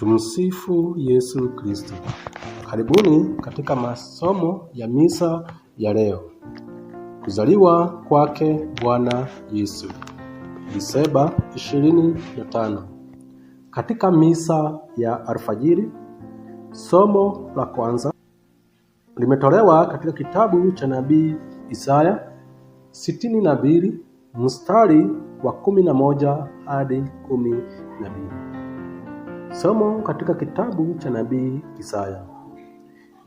Tumsifu Yesu Kristo. Karibuni katika masomo ya misa ya leo. Kuzaliwa kwake Bwana Yesu, Disemba 25. Katika misa ya alfajiri, somo la kwanza limetolewa katika kitabu cha nabii Isaya 62 mbili mstari wa kumi na moja hadi kumi na Somo katika kitabu cha nabii Isaya.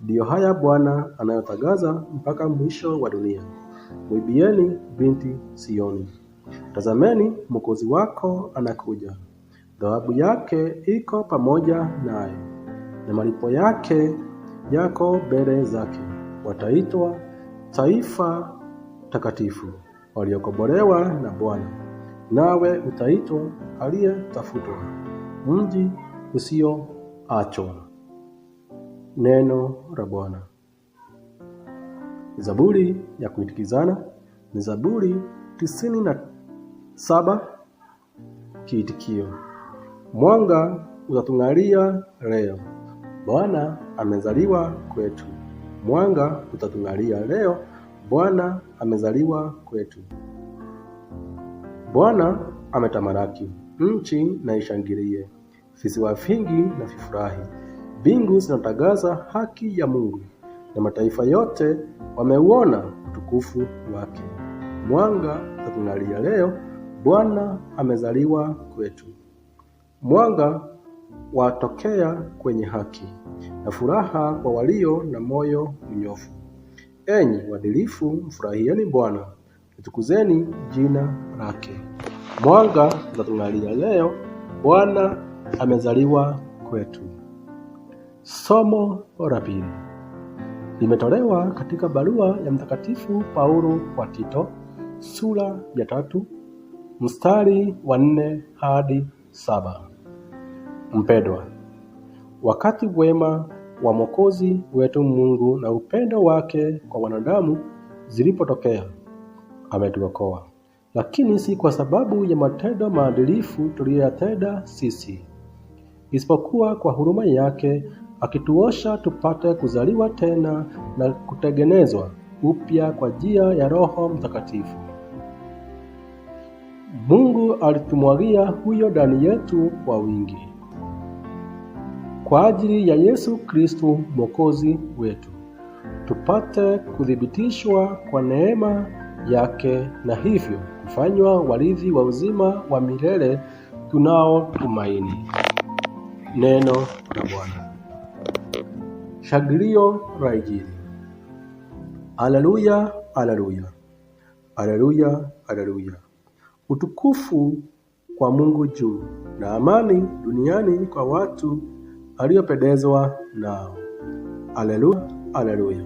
Ndiyo haya Bwana anayotangaza mpaka mwisho wa dunia, mwibieni binti Sioni, tazameni mwokozi wako anakuja, dhawabu yake iko pamoja naye, na malipo yake yako mbele zake. Wataitwa taifa takatifu, waliokobolewa na Bwana, nawe utaitwa aliyetafutwa, mji usioachwa. Neno la Bwana. Zaburi ya kuitikizana ni Zaburi tisini na saba. Kiitikio: mwanga utatung'alia leo, Bwana amezaliwa kwetu. Mwanga utatung'alia leo, Bwana amezaliwa kwetu. Bwana ametamalaki, nchi na ishangilie. Visiwa vingi na vifurahi, mbingu zinatangaza haki ya Mungu, na mataifa yote wameuona utukufu wake. Mwanga tunalia leo, Bwana amezaliwa kwetu. Mwanga watokea kwenye haki na furaha kwa walio na moyo mnyofu. Enyi wadilifu, mfurahieni Bwana, litukuzeni jina lake. Mwanga tunalia leo, Bwana amezaliwa kwetu. Somo la pili limetolewa katika barua ya Mtakatifu Paulo kwa Tito sura ya tatu mstari wa nne hadi saba. Mpendwa, wakati wema wa Mwokozi wetu Mungu na upendo wake kwa wanadamu zilipotokea, ametuokoa, lakini si kwa sababu ya matendo maadilifu tuliyoyatenda sisi isipokuwa kwa huruma yake akituosha tupate kuzaliwa tena na kutegenezwa upya kwa njia ya Roho Mtakatifu. Mungu alitumwagia huyo ndani yetu kwa wingi kwa ajili ya Yesu Kristo Mwokozi wetu, tupate kuthibitishwa kwa neema yake na hivyo kufanywa warithi wa uzima wa milele tunaotumaini. Neno la Bwana. Shangilio la Injili. Haleluya, haleluya, haleluya, haleluya! Utukufu kwa Mungu juu na amani duniani kwa watu aliyopendezwa nao. Haleluya, haleluya!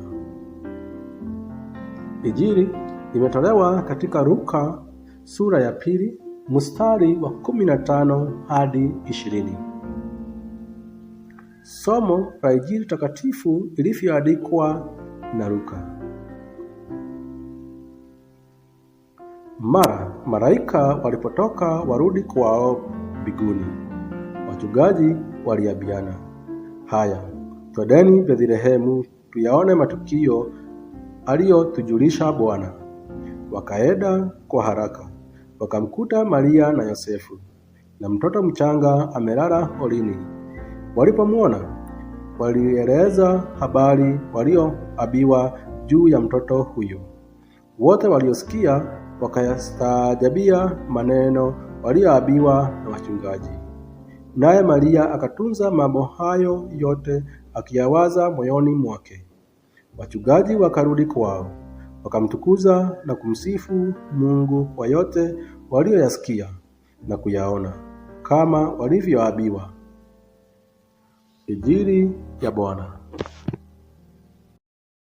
Injili imetolewa katika Luka sura ya pili mstari wa 15 hadi ishirini somo la Injili takatifu ilivyoandikwa na Luka. Mara malaika walipotoka warudi kwao mbinguni, wachungaji waliambiana, haya, twendeni Bethlehemu tuyaone matukio aliyotujulisha Bwana. Wakaenda kwa haraka wakamkuta Maria na Yosefu na mtoto mchanga amelala holini. Walipomwona walieleza habari walioabiwa juu ya mtoto huyo. Wote waliosikia wakayastaajabia maneno walioabiwa na wachungaji. Naye Maria akatunza mambo hayo yote akiyawaza moyoni mwake. Wachungaji wakarudi kwao, wakamtukuza na kumsifu Mungu kwa yote walioyasikia na kuyaona, kama walivyoabiwa. Injili ya Bwana.